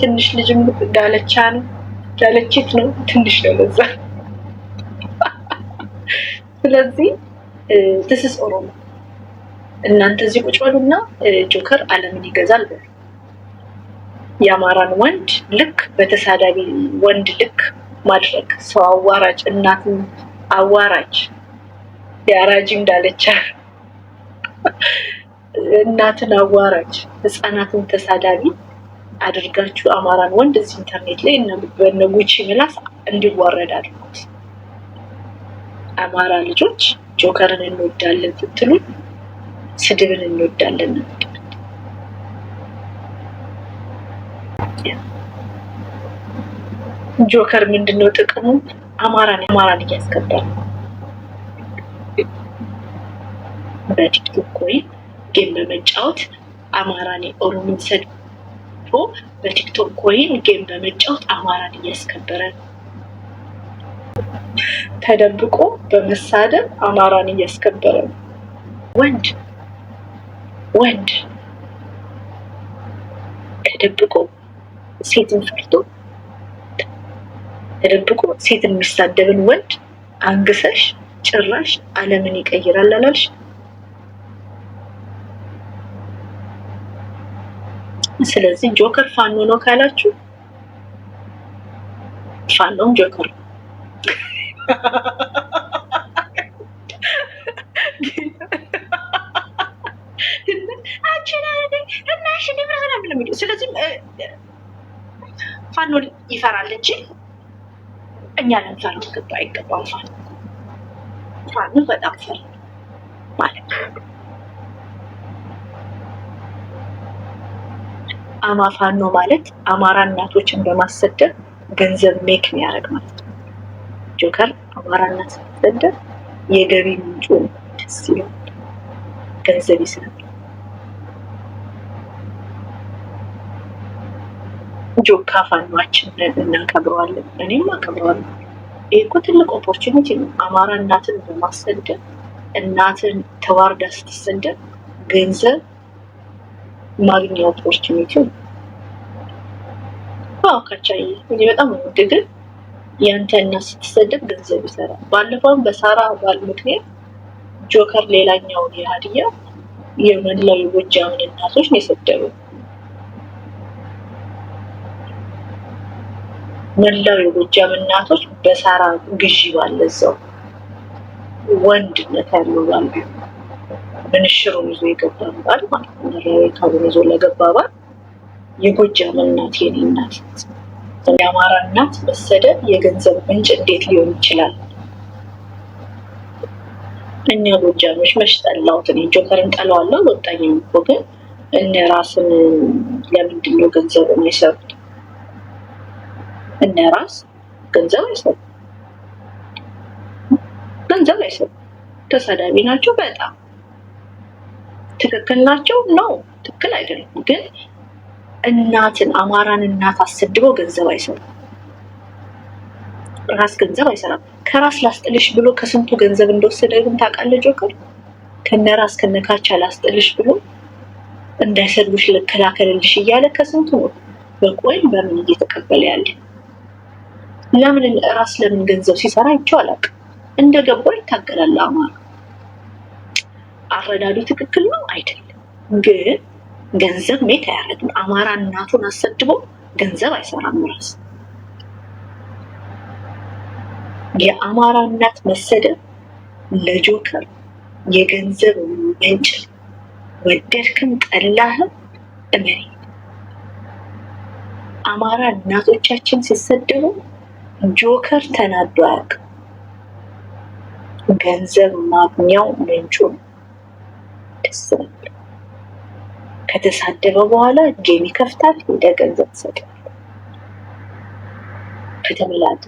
ትንሽ ልጅም ዳለቻ ነው ዳለችት ነው ትንሽ ነው ለዛ። ስለዚህ ትስስ ኦሮሞ እናንተ እዚህ ቁጭ በሉና ጆከር አለምን ይገዛል በሉ። የአማራን ወንድ ልክ በተሳዳቢ ወንድ ልክ ማድረግ ሰው አዋራጭ እናትን አዋራጅ የአራጅ እንዳለቻ እናትን አዋራጅ ህፃናትን ተሳዳቢ አድርጋችሁ አማራን ወንድ እዚህ ኢንተርኔት ላይ በነ ጉቺ ምላስ እንዲዋረድ አድርጉት። አማራ ልጆች ጆከርን እንወዳለን ስትሉ ስድብን እንወዳለን። ጆከር ምንድነው ጥቅሙ? አማራን አማራን እያስከበር በቲክቶክ ወይም ጌም በመጫወት አማራን ኦሮሞን ሰድ አልፎ በቲክቶክ ኮይን ጌም በመጫወት አማራን እያስከበረ ነው። ተደብቆ በመሳደብ አማራን እያስከበረ ነው። ወንድ ወንድ ተደብቆ ሴትን ፈርቶ ተደብቆ ሴትን የሚሳደብን ወንድ አንግሰሽ ጭራሽ ዓለምን ይቀይራል አላልሽ? ስለዚህ ጆከር ፋኖ ነው ካላችሁ ፋኖም ጆከር ነው። ስለዚህ ፋኖ ይፈራል እንጂ እኛ ለምሳሌ ገባ አይገባም። ፋኖ በጣም ፈራ ማለት ነው። አማፋን ነው ማለት አማራ እናቶችን በማሰደብ ገንዘብ ሜክ የሚያደርግ ማለት ነው። ጆከር አማራ እናት ስትሰደብ የገቢ ምንጩ ደስ ይላል፣ ገንዘብ ይስላል። ጆካ ፋኖችን እናከብረዋለን፣ እኔም አከብረዋለሁ። ይህ እኮ ትልቅ ኦፖርቹኒቲ ነው። አማራ እናትን በማሰደብ እናትን ተዋርዳ ስትሰደብ ገንዘብ ማግኘ ኦፖርቹኒቲው ነው። ካቻይ እኔ በጣም ውድ ግን ያንተ እና ስትሰደብ ገንዘብ ይሰራል። ባለፈውም በሳራ ባል ምክንያት ጆከር ሌላኛውን የሀዲያ የመላው የጎጃምን እናቶች ነው የሰደበው። መላው የጎጃም እናቶች በሳራ ግዢ ባለዛው ወንድነት ያለው ባል ምንሽሩን ይዞ የገባ ባል ማለት ነው። ይዞ ለገባ ባል የጎጃም እናት የኔ እናት የአማራ እናት መሰደብ የገንዘብ ምንጭ እንዴት ሊሆን ይችላል? እኛ ጎጃኖች መች ጠላሁት? እኔ ጆከርን ጠላዋለሁ አልወጣኝም እኮ ግን እነ ራስን ለምንድን ነው ገንዘብ የማይሰሩት? እነ ራስ ገንዘብ አይሰሩ ገንዘብ አይሰሩ ተሳዳቢ ናቸው በጣም ትክክል ናቸው ነው ትክክል አይደሉም። ግን እናትን አማራን እናት አሰድበው ገንዘብ አይሰራም። ራስ ገንዘብ አይሰራም። ከራስ ላስጥልሽ ብሎ ከስንቱ ገንዘብ እንደወሰደ ግን ታውቃለህ ጆከር። ከነ ራስ ከነካቻ ላስጥልሽ ብሎ እንዳይሰድብሽ ልከላከልልሽ እያለ ከስንቱ ነው በቆይም በምን እየተቀበለ ያለ። ለምን ራስ ለምን ገንዘብ ሲሰራ ይቼው አላውቅም። እንደገባው ይታገላል አማራ አረዳዱ ትክክል ነው አይደለም። ግን ገንዘብ ሜት አያደርግም። አማራ እናቱን አሰድቦ ገንዘብ አይሰራም። ራስ የአማራ እናት መሰደብ ለጆከር የገንዘብ ምንጭ ወደድክም ጠላህም እመሪ አማራ እናቶቻችን ሲሰደቡ ጆከር ተናዶ አያውቅም። ገንዘብ ማግኛው ምንጩ ነው። ክስ ከተሳደበ በኋላ ጌም ይከፍታል፣ እንደ ገንዘብ ይሰጣል። ከተመላት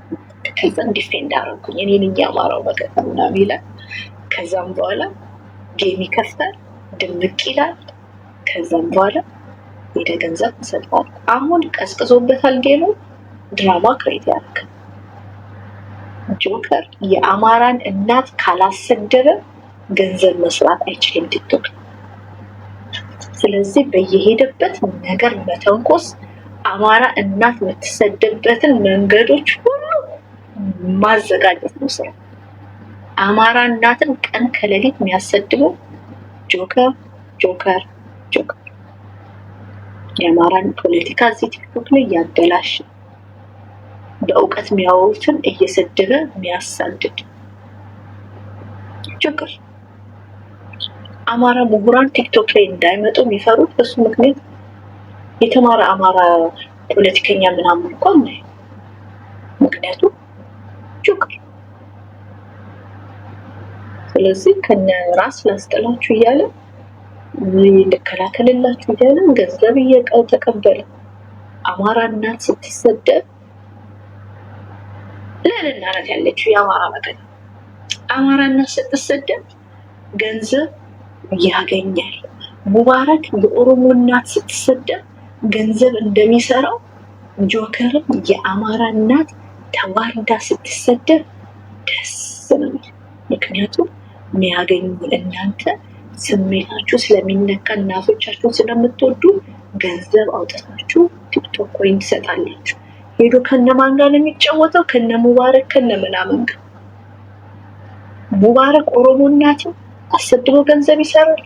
ከዛ ዲፌንድ አረጉኝ እኔን እያማረው በቀጣ ምናምን ይላል። ከዛም በኋላ ጌም ይከፍታል፣ ድምቅ ይላል። ከዛም በኋላ ወደ ገንዘብ ይሰጣል። አሁን ቀዝቅዞበታል ጌሙ። ድራማ ክሬት ያደርግ ጆከር የአማራን እናት ካላሰደበ ገንዘብ መስራት አይችልም ቲክቶክ። ስለዚህ በየሄደበት ነገር መተንኮስ፣ አማራ እናት የምትሰደበትን መንገዶች ሁሉ ማዘጋጀት ነው ስራ። አማራ እናትን ቀን ከሌሊት የሚያሰድቡ ጆከር ጆከር ጆከር የአማራን ፖለቲካ እዚህ ቲክቶክ ላይ እያበላሸ በእውቀት የሚያወሩትን እየሰደበ የሚያሳድድ ጆከር አማራ ምሁራን ቲክቶክ ላይ እንዳይመጡ የሚፈሩት በሱ ምክንያት የተማረ አማራ ፖለቲከኛ ምናምን እንኳን ና ምክንያቱ ጆከር። ስለዚህ ከነ ራስ ላስጥላችሁ እያለ ልከላከልላችሁ እያለ ገንዘብ እየቀው ተቀበለ። አማራ እናት ስትሰደብ ለእናት ያለችው የአማራ መከታ አማራ እናት ስትሰደብ ገንዘብ ያገኛል። ሙባረክ የኦሮሞ እናት ስትሰደብ ገንዘብ እንደሚሰራው ጆከርም የአማራ እናት ተዋርዳ ስትሰደብ ደስ ነው። ምክንያቱም የሚያገኙ እናንተ ስሜታችሁ ስለሚነካ እናቶቻችሁን ስለምትወዱ ገንዘብ አውጥታችሁ ቲክቶክ ኮይን ትሰጣላችሁ። ሄዶ ከነማን ጋር ነው የሚጫወተው? ከነ ሙባረክ ከነ ምናምን ጋር ሙባረክ ኦሮሞ እናትም አሰድቦ ገንዘብ ይሰራል።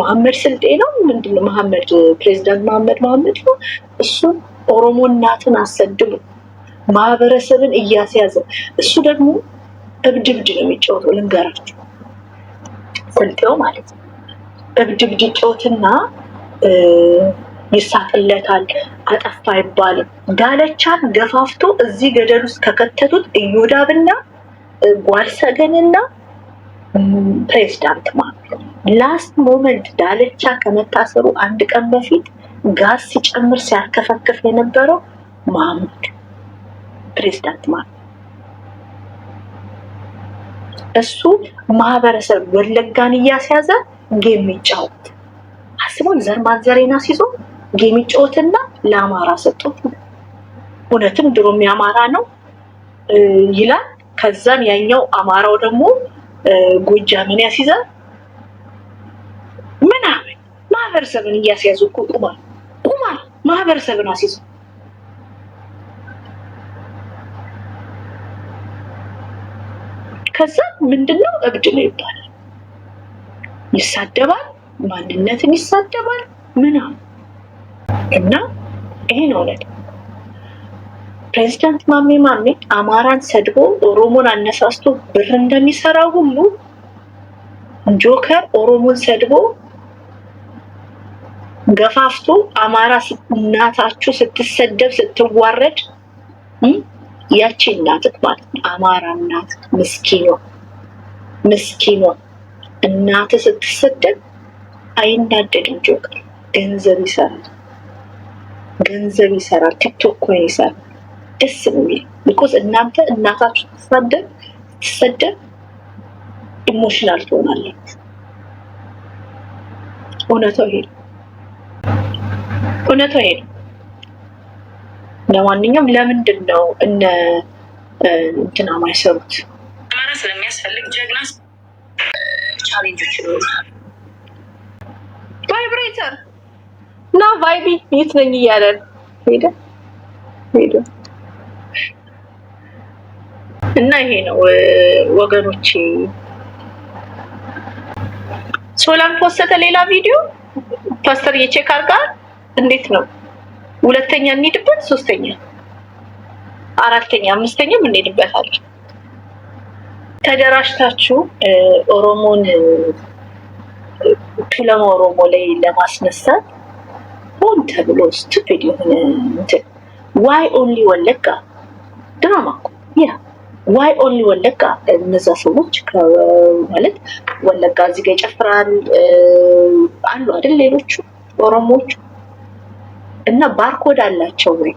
መሀመድ ስልጤ ነው ምንድን ነው መሀመድ ፕሬዚዳንት መሀመድ መሀመድ ነው እሱ ኦሮሞ እናትን አሰድቦ ማህበረሰብን እያስያዘ እሱ ደግሞ እብድ እብድ ነው የሚጫወተው። ልንገራችሁ ስልጤው ማለት ነው እብድ እብድ ይጫወትና ይሳቅለታል። አጠፋ አይባልም። ዳለቻን ገፋፍቶ እዚህ ገደል ውስጥ ከከተቱት እዮዳብና ጓልሰገንና ፕሬዚዳንት ማለት ነው። ላስት ሞመንት ዳልቻ ከመታሰሩ አንድ ቀን በፊት ጋዝ ሲጨምር ሲያርከፈክፍ የነበረው ማህሙድ ፕሬዚዳንት ማለት ነው። እሱ ማህበረሰብ ወለጋን እያስያዘ ጌም ይጫወት አስቦን ዘር ማንዘሬን አስይዞ ጌም ይጫወትና ለአማራ ሰጡት። እውነትም ድሮም የአማራ ነው ይላል። ከዛም ያኛው አማራው ደግሞ ጎጃምን ያስይዛል ምናምን ማህበረሰብን እያስያዙ እኮ ቁማር ቁማር ማህበረሰብን አስይዙ። ከዛ ምንድነው እብድ ነው ይባላል፣ ይሳደባል፣ ማንነትን ይሳደባል ምናምን እና ይሄ ነው እውነት። ፕሬዚዳንት ማሜ ማሜ አማራን ሰድቦ ኦሮሞን አነሳስቶ ብር እንደሚሰራ ሁሉ ጆከር ኦሮሞን ሰድቦ ገፋፍቶ አማራ እናታችሁ ስትሰደብ ስትዋረድ ያቺ እናትህ ማለት ነው። አማራ እናት ምስኪኖ ምስኪኖ እናት ስትሰደብ አይናደድም። ጆከር ገንዘብ ይሰራል፣ ገንዘብ ይሰራል፣ ቲክቶክ ኮይን ይሰራል። ደስ ነው የሚል ቢኮዝ እናንተ እናታችሁ ትሳደብ ትሰደብ ኢሞሽናል ትሆናለች። እውነታው ይሄ ነው። እውነታው ይሄ ነው። ለማንኛውም ለምንድን ነው እነ እንትና ማይሰሩት? አማራ ስለሚያስፈልግ ጀግና ቻሌንጆች ይኖሩታል። ቫይብሬተር እና ቫይቢ የት ነኝ እያለን ሄደ ሄደ እና ይሄ ነው ወገኖቼ። ሶላን ፖስተ ሌላ ቪዲዮ ፓስተር የቼክ አርጋ እንዴት ነው ሁለተኛ እንሄድበት፣ ሶስተኛ፣ አራተኛ፣ አምስተኛ እንሄድበታለን። ተደራጅታችሁ ኦሮሞን ቱለማ ኦሮሞ ላይ ለማስነሳት ሆን ተብሎ ስቱፒድ የሆነ ዋይ ኦንሊ ወለጋ ድራማ ያ ዋይ ኦንሊ ወለጋ? እነዛ ሰዎች ማለት ወለጋ እዚህ ጋር ይጨፍራል አሉ አይደል? ሌሎቹ ኦሮሞዎቹ እና ባርኮድ አላቸው ወይ?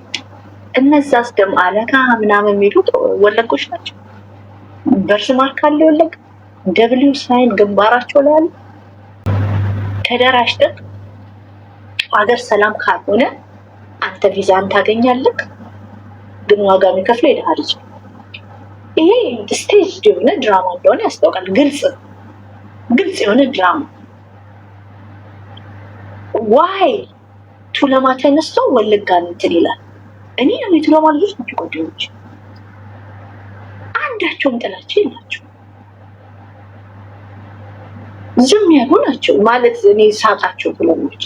እነዛስ ደም አለካ ምናምን የሚሉት ወለጎች ናቸው። በርስ ማርክ አለ ወለጋ፣ ደብሊው ሳይን ግንባራቸው ላይ አለ። ተደራጅተህ ሀገር ሰላም ካልሆነ አንተ ቪዛን ታገኛለህ፣ ግን ዋጋ የሚከፍለው የድሃ ይሄ ስቴጅ የሆነ ድራማ እንደሆነ ያስታውቃል። ግልጽ ግልጽ የሆነ ድራማ ዋይ ቱለማ ተነስቶ ወለጋን እንትን ይላል። እኔ ነው የቱለማ ልጆች ናቸው ጓደኞች፣ አንዳቸውም ጥላቸው የላቸው ዝም ያሉ ናቸው ማለት እኔ ሳቃቸው ቱለማዎች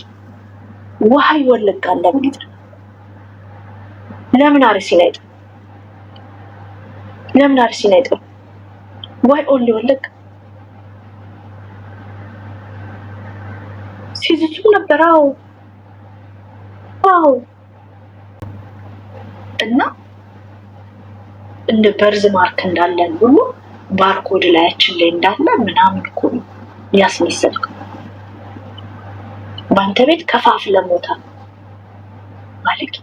ዋይ ወለጋን ለምን ይጠላል? ለምን አርሲን አይጠላም? ለምን አርሲን አይጥሩም? ዋይ ኦንሊ ወለጋ? ሲዝቱ ነበር። አዎ አዎ። እና እንደ በርዝ ማርክ እንዳለን ሁሉ ባርኮድ ላያችን ላይ እንዳለ ምናምን እኮ ነው ያስመሰልከው። በአንተ ቤት ከፋፍለ ሞታ ማለት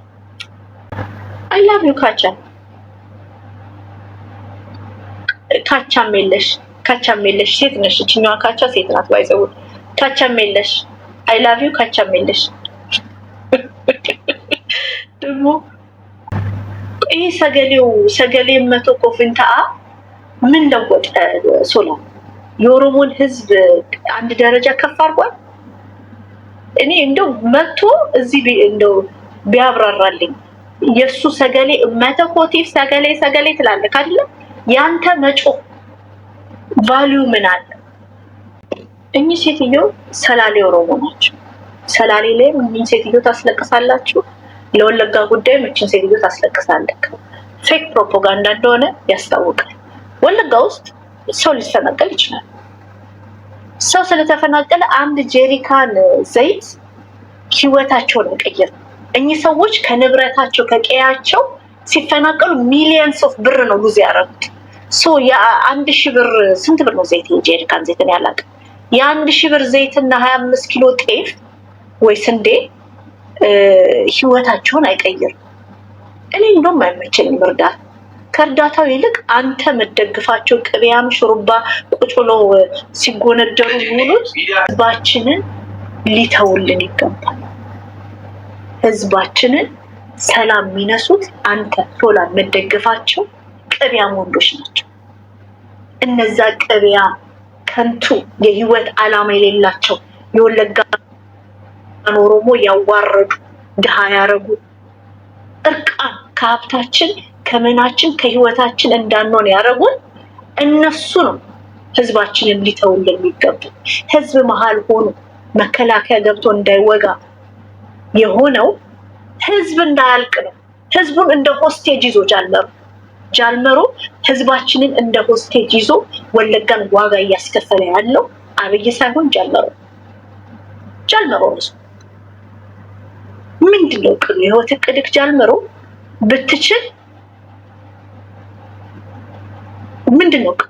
አይ ላቭ ዩ ካቻ ካቻም የለሽ ካቻም የለሽ ሴት ነሽ። እችኛዋ ካቻ ሴት ናት። ባይዘው ካቻም የለሽ አይ ላቭ ዩ ካቻም የለሽ ደግሞ ይህ ሰገሌው ሰገሌ መቶ ኮፍንታአ ምን ለወጠ? ሶላ የኦሮሞን ህዝብ አንድ ደረጃ ከፍ አድርጓል። እኔ እንደው መቶ እዚህ እንደው ቢያብራራልኝ የእሱ ሰገሌ መተኮቲቭ ሰገሌ ሰገሌ ትላለህ አይደለም ያንተ መጮህ ቫሊዩ ምን አለ? እኚህ ሴትዮ ሰላሌ ኦሮሞ ናቸው። ሰላሌ ላይ እኚህን ሴትዮ ታስለቅሳላችሁ። ለወለጋ ጉዳይ እችን ሴትዮ ታስለቅሳለክ። ፌክ ፕሮፓጋንዳ እንደሆነ ያስታውቃል። ወለጋ ውስጥ ሰው ሊፈናቀል ይችላል። ሰው ስለተፈናቀለ አንድ ጄሪካን ዘይት ህይወታቸውን መቀየር እኚህ ሰዎች ከንብረታቸው ከቀያቸው ሲፈናቀሉ ሚሊየንስ ኦፍ ብር ነው ሉዝ ያደረጉት። የአንድ ሺህ ብር ስንት ብር ነው ዘይት? እንጂ ዘይትን ያላቅ የአንድ ሺህ ብር ዘይትና ሀያ አምስት ኪሎ ጤፍ ወይ ስንዴ ህይወታቸውን አይቀይርም። እኔ እንደውም አይመቸኝም እርዳታ ከእርዳታው ይልቅ አንተ መደግፋቸው ቅቤያም ሹሩባ ቁጭሎ ሲጎነደሩ የሚውሉት ህዝባችንን ሊተውልን ይገባል። ህዝባችንን ሰላም የሚነሱት አንተ ሶላ መደግፋቸው ቅቢያም ወንዶች ናቸው። እነዛ ቅቢያ ከንቱ የህይወት ዓላማ የሌላቸው የወለጋ ኦሮሞ ያዋረዱ ድሃ ያረጉ እርቃን ከሀብታችን ከምናችን ከህይወታችን እንዳንሆን ያደረጉን እነሱ ነው። ህዝባችንን ሊተውልን የሚገቡ ህዝብ መሀል ሆኖ መከላከያ ገብቶ እንዳይወጋ የሆነው ህዝብ እንዳያልቅ ነው። ህዝቡን እንደ ሆስቴጅ ይዞ ጃለሩ ጃልመሮ ህዝባችንን እንደ ሆስቴጅ ይዞ ወለጋን ዋጋ እያስከፈለ ያለው አብይ ሳይሆን ጃልመሮ ጃልመሮ ነው። ምንድን ነው ቅሉ የህይወት እቅድክ ጃልመሮ ብትችል ምንድን ነው ቅሉ?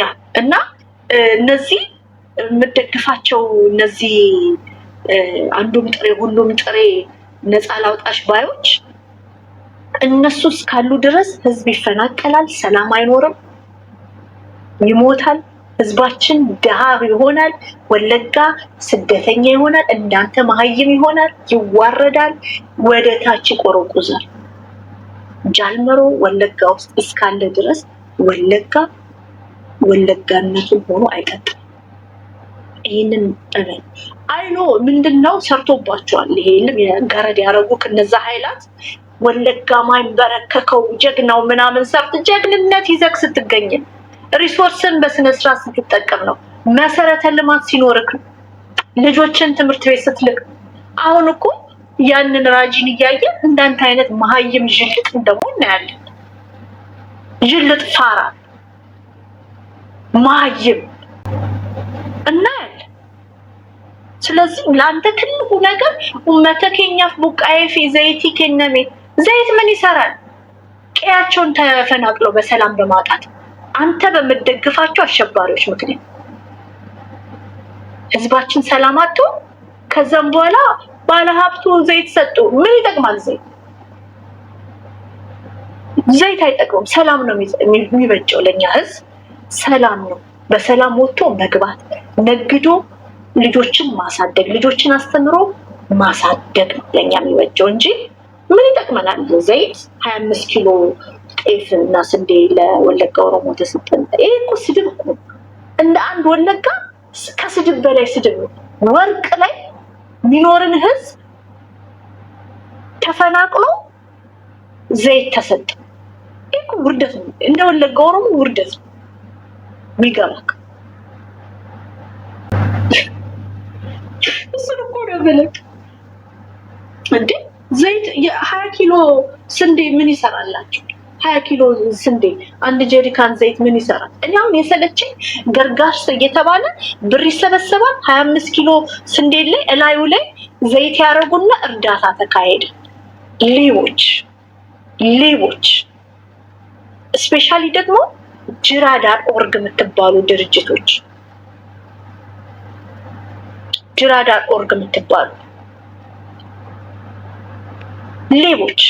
ያ እና እነዚህ የምደግፋቸው እነዚህ አንዱም ጥሬ ሁሉም ጥሬ ነፃ ላውጣሽ ባዮች እነሱ እስካሉ ድረስ ህዝብ ይፈናቀላል፣ ሰላም አይኖርም፣ ይሞታል፣ ህዝባችን ድሃ ይሆናል፣ ወለጋ ስደተኛ ይሆናል፣ እናንተ መሀይም ይሆናል፣ ይዋረዳል፣ ወደ ታች ይቆረቁዛል። ጃልመሮ ወለጋ ውስጥ እስካለ ድረስ ወለጋ ወለጋነቱ ሆኖ አይቀጥልም። ይህንን እመን አይኖ ምንድን ነው ሰርቶባቸዋል። ይሄ ገረድ ያደረጉ ከነዛ ኃይላት ወለጋ ማይንበረከከው ጀግናው ምናምን ሰርት ጀግንነት ይዘግ ስትገኝ ሪሶርስን በስነ ስርዓት ስትጠቀም ነው። መሰረተ ልማት ሲኖርክ ልጆችን ትምህርት ቤት ስትልቅ። አሁን እኮ ያንን ራጂን እያየ እንዳንተ አይነት መሀይም ዥልጥ ደግሞ እናያለን። ዥልጥ ፋራ መሀይም እናያለን። ስለዚህ ለአንተ ትልቁ ነገር ኡመተ ኬኛፍ ቡቃዬ ፊ ዘይቲ ኬነሜት ዘይት ምን ይሰራል? ቀያቸውን ተፈናቅለው በሰላም በማጣት አንተ በምትደግፋቸው አሸባሪዎች ምክንያት ህዝባችን ሰላም አጥቶ ከዛም በኋላ ባለሀብቱ ዘይት ሰጡ። ምን ይጠቅማል ዘይት? ዘይት አይጠቅምም። ሰላም ነው የሚበጀው ለእኛ ህዝብ ሰላም ነው። በሰላም ወጥቶ መግባት፣ ነግዶ ልጆችን ማሳደግ፣ ልጆችን አስተምሮ ማሳደግ ነው ለእኛ የሚበጀው እንጂ ምን ይጠቅመናል? ዘይት ሀያ አምስት ኪሎ ጤፍ እና ስንዴ ለወለጋ ኦሮሞ ተሰጠን። ይሄ እኮ ስድብ እኮ እንደ አንድ ወለጋ ከስድብ በላይ ስድብ ነው። ወርቅ ላይ የሚኖርን ህዝብ ተፈናቅሎ ዘይት ተሰጠ። ይሄ እኮ ውርደት ነው። እንደ ወለጋ ኦሮሞ ውርደት ነው የሚገባክ እሱን እኮ ነው ብለህ እንዴ ዘይት ሀያ ኪሎ ስንዴ ምን ይሰራላቸው? ሀያ ኪሎ ስንዴ አንድ ጀሪካን ዘይት ምን ይሰራል? እኛም አሁን ገርጋሽ እየተባለ ብር ይሰበሰባል። ሀያ አምስት ኪሎ ስንዴ ላይ እላዩ ላይ ዘይት ያደረጉና እርዳታ ተካሄደ። ሌቦች ሌቦች እስፔሻሊ ደግሞ ጅራዳር ኦርግ የምትባሉ ድርጅቶች ጅራዳር ኦርግ የምትባሉ ሌቦች።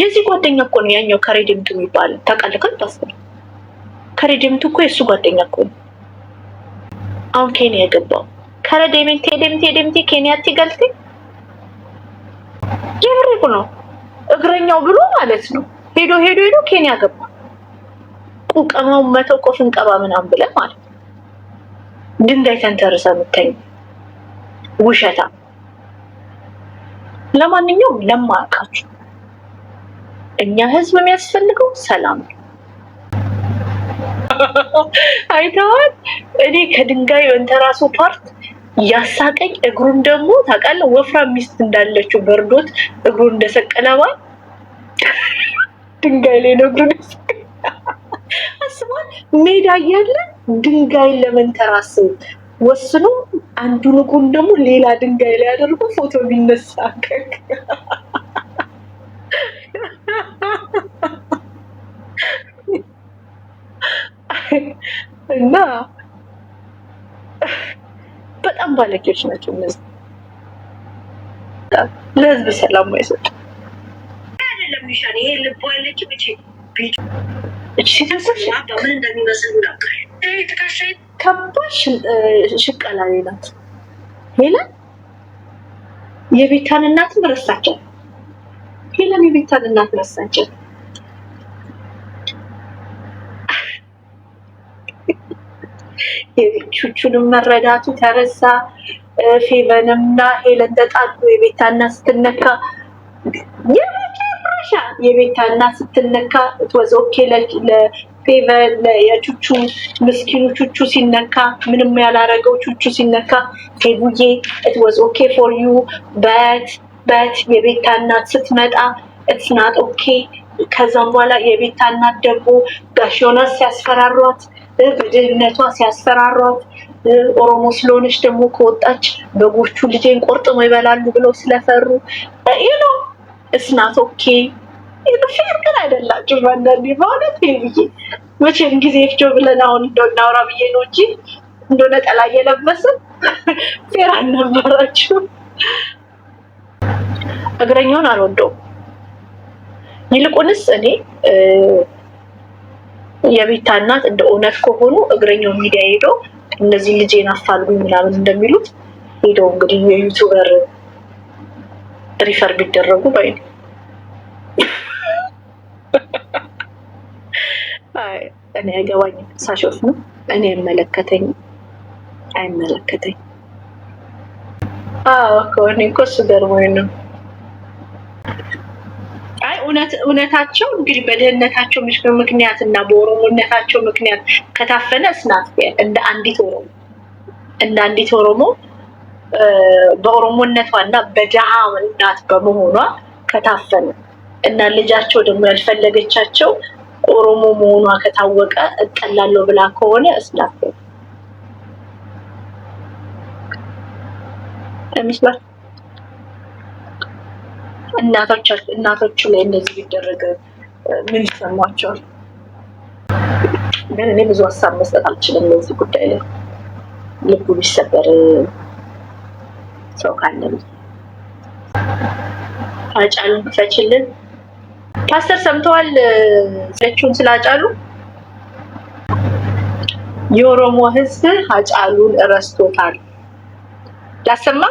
የዚህ ጓደኛ እኮ ነው ያኛው ከሬዲምቱ የሚባል ታውቃለህ? ታስ ከሬዲምቱ እኮ የእሱ ጓደኛ እኮ አሁን ኬንያ የገባው ከረዴምቴ ዴምቴ ደምቴ ኬንያ ትገልቴ የምሬቁ ነው እግረኛው ብሎ ማለት ነው። ሄዶ ሄዶ ሄዶ ኬንያ ገባ። ቁቀማው መተው ቆፍን ቀባ ምናምን ብለህ ማለት ነው። ድንጋይ ተንተርሰ የምተኝ ውሸታ ለማንኛውም ለማያውቃችሁ እኛ ህዝብ የሚያስፈልገው ሰላም ነው። አይተዋል። እኔ ከድንጋይ መንተራሱ ፓርት ያሳቀኝ እግሩን ደግሞ ታውቃለህ፣ ወፍራም ሚስት እንዳለችው በርዶት እግሩን እንደሰቀለባል ድንጋይ ላይ ነው እግሩን አስባል። ሜዳ እያለ ድንጋይን ለመንተራስ ወስኖ አንዱን ጎን ደግሞ ሌላ ድንጋይ ላይ አደርጎ ፎቶ ቢነሳ እና በጣም ባለጌዎች ናቸው እነዚህ። ለህዝብ ሰላም አይሰጡም። ይሄ ልቦ ምን እንደሚመስል ከባድ ሽቀላ ሌላት ሄለን። የቤታን እናትም ረሳቸው ሄለን፣ የቤታን እናት ረሳቸው። የቤቹቹንም መረዳቱ ተረሳ። ፌቨንምና ሄለን ተጣሉ። የቤታ እናት ስትነካ የመጨረሻ የቤታ እናት ስትነካ ወዘ ኦኬ የቹቹ ምስኪኑ ቹቹ ሲነካ ምንም ያላረገው ቹቹ ሲነካ ቴቡዬ ኢትወዝ ኦኬ ፎር ዩ በት በት የቤታ እናት ስትመጣ ናት ኦኬ። ከዛም በኋላ የቤታ እናት ደግሞ ጋሽ ሲያስፈራሯት፣ በድህነቷ ሲያስፈራሯት ኦሮሞ ስለሆነች ደግሞ ከወጣች በጎቹ ልጄን ቆርጥሞ ይበላሉ ብለው ስለፈሩ ይህ ነው እትናት ኦኬ ፌር ግን አይደላችሁ። አንዳንዴ በእውነት ይሄ መቼም ጊዜ ፍጆ ብለን አሁን እንደው እናውራ ብዬ ነው እንጂ እንደው ነጠላ እየለበስን ፌር አልነበራችሁ። እግረኛውን አልወደውም። ይልቁንስ እኔ የቤታ እናት እንደ እውነት ከሆኑ እግረኛው ሚዲያ ሄዶ እነዚህ ልጄን አፋልጉኝ ምናምን እንደሚሉት ሄደው እንግዲህ የዩቱበር ሪፈር ቢደረጉ ባይ ነው። እኔ አይገባኝም። ሳሾፍ ነው እኔ አይመለከተኝ አይመለከተኝ። አዎ እኮ እኔ እኮ እሱ ገርሞኝ ነው። አይ እውነታቸው እንግዲህ በደህንነታቸው ምክንያት እና በኦሮሞነታቸው ምክንያት ከታፈነ እስናት እንደ አንዲት ኦሮሞ እንደ አንዲት ኦሮሞ በኦሮሞነቷ እና በድሃ እናት በመሆኗ ከታፈነ እና ልጃቸው ደግሞ ያልፈለገቻቸው ኦሮሞ መሆኗ ከታወቀ እጠላለሁ ብላ ከሆነ እስላት ይመስላል። እናቶቹ ላይ እንደዚህ ቢደረግ ምን ይሰማቸዋል? ግን እኔ ብዙ ሀሳብ መስጠት አልችልም በዚህ ጉዳይ ላይ ልቡ ቢሰበር ሰው ካለ ነው። ክፈችልን። ፓስተር ሰምተዋል ስለችሁን ስላጫሉ የኦሮሞ ህዝብ አጫሉን እረስቶታል። ላሰማ